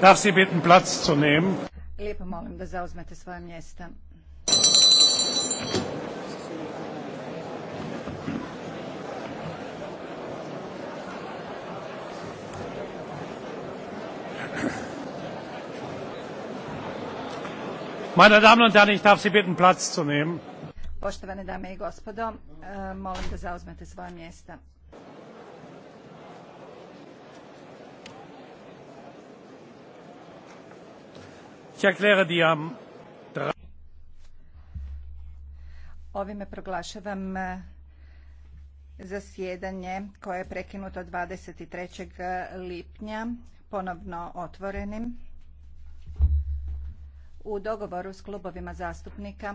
Darf Sie bitten, Platz zu nehmen? Lijepo molim da zauzmete svoje mjesta. Meine Damen und Herren, ich darf Sie bitten, Platz zu nehmen. Poštovane dame i gospodo, e, molim da zauzmete svoje mjesta. Ovime proglašavam e, zasjedanje koje je prekinuto 23. lipnja ponovno otvorenim. U dogovoru s klubovima zastupnika